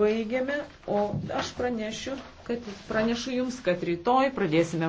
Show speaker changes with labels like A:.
A: Baigėme, o aš pranešiu, kad pranešu Jums, kad rytoj pradėsime.